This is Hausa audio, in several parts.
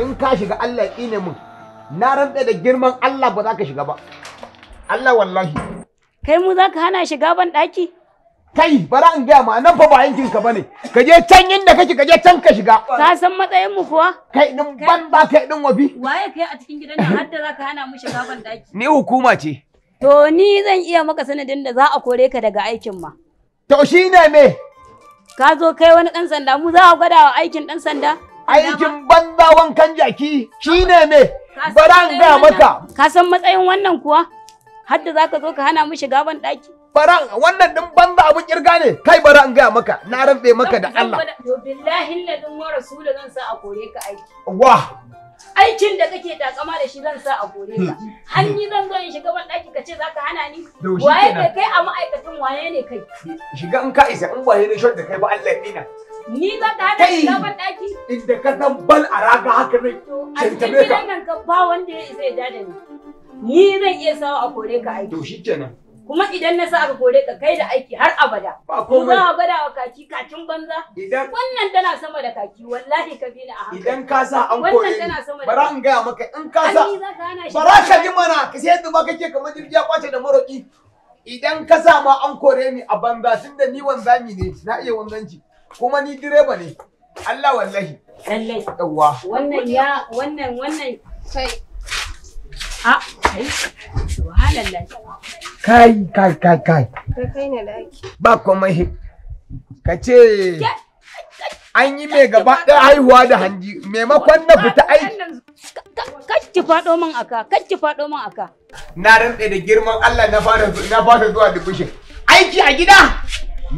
in ka shiga Allah ya ƙine mun na rantsa da girman Allah ba za ka shiga ba Allah wallahi kai mu za ka hana shiga ban ɗaki kai bara in gaya ma nan fa ba yankin ka bane ka je can inda kake ka je can ka shiga ka san matsayin mu kuwa kai din ban ba kai din wabi waye kai a cikin gidan nan har da za ka hana mu shiga ban ɗaki ni hukuma ce to ni zan iya maka sanadin da za a kore ka daga aikin ma to shine me ka zo kai wani dan sanda mu za a gwada wa aikin dan sanda aikin banza wankan jaki shine me baran ga maka ka san matsayin wannan kuwa har da zaka zo ka hana mu shiga ban daki baran wannan din banza abun kirga ne kai bara in ga maka na rabe maka da Allah to billahi ladin wa rasulun zan sa a kore ka aiki wa aikin da kake takama da shi zan sa a gore ka hmm. hanyi zan zo in shiga ban daki kace zaka hana ni waye da kai a ma'aikatan waye ne kai shiga in ka isa in waye ne shot da kai ba Allah dina ni za ka hana shiga ban daki inda ka san bal a raga haka ne a cikin gidan ka ba wanda ya isa ya dada ni ni zan iya sawa a gore ka aiki to shikenan kuma idan na sa a gore ka kai da aiki har abada ba komai banza wannan tana sama da kaki wallahi ka bi ni a hankali idan ka sa an kore ni bara in gaya maka in ka sa bara ka ji mana ka sai yadda ba kake kamar jirgi ya kwace da maroki idan ka sa ma an kore ni a banza tunda ni wanzami ne na iya wanzanci kuma ni direba ne Allah wallahi lallai yawa wannan ya wannan wannan sai a ah, kai kai kai kai kai kai ne da ba komai ka ce an yi mai gaba ɗaya haihuwa da hanji maimakon na fita aiki kacci faɗo min aka kacci faɗo min aka na rantsa da girman Allah na fara na fara zuwa dubushin aiki a gida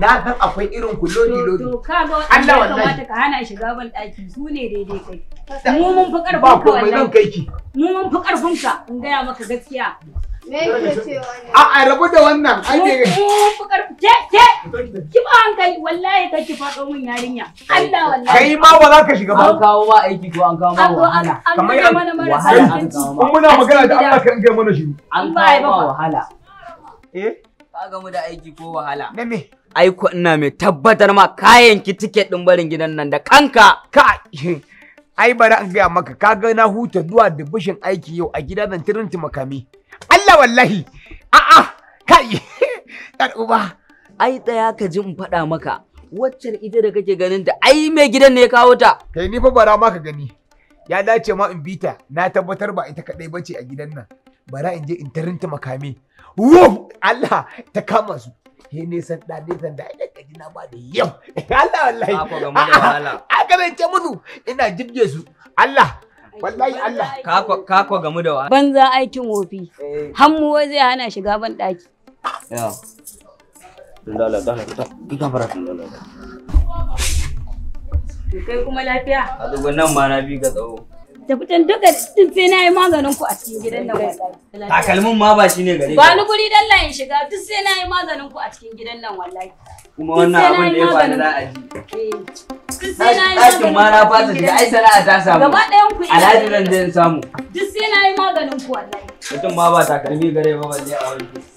na san akwai irin ku lodi lodi Allah wallahi ka hana shiga ban daki su ne daidai kai mu mun fi karfin ka wallahi ba kai ki mu mun fi karfin ka in ga maka gaskiya me yake cewa a a rabu da wannan ai ne mun fi karfin kai wallahi ma ba za ka shiga ba. An kawo ba aiki ko an kawo mana wahala. Kun muna magana da Allah kan gaya mana eh? Ka da aiki ko wahala. Aiko ina mai tabbatar ma kayan ki tiket ɗin barin gidan nan da kanka. Ka ai bari an gaya maka kaga na huta zuwa da bishin aiki yau a gida zan makami. Allah wallahi. A'a kai. uba. ai tsaya ka ji in faɗa maka waccan ita da kake ganin ta ai mai gidan ne ya kawo ta kai ni fa bara ma ka gani ya dace ma in bita na tabbatar ba ita kadai bace a gidan nan bara in je in tarinta makame wo Allah ta kama su he ne san da ne san da ina kaji na ba da yau Allah wallahi ka ga mun wahala aka ban ce musu ina jibge su Allah wallahi Allah ka ka gamu da wa banza aikin wofi eh. hammu zai hana shiga ban daki Lala gana fita. Ki gafara. Kai kuma lafiya? A duk wannan ma na bi ka tsawo. Da fitan duka tufe na yi maganin ku a cikin gidan nan wallahi. Takalmin ma ba shine gare ka. Ba ni guri dan layin shiga duk sai na yi maganin ku a cikin gidan nan wallahi. Kuma wannan abin da ya faru za a ji. Eh. Ɗakin ma na fata shiga ai sana'a ta samu. Gaba ɗayan ku ina. Alhaji nan zai samu. Duk sai na yi maganin ku wallahi. Mutum ma ba takalmi gare ba balle a wani.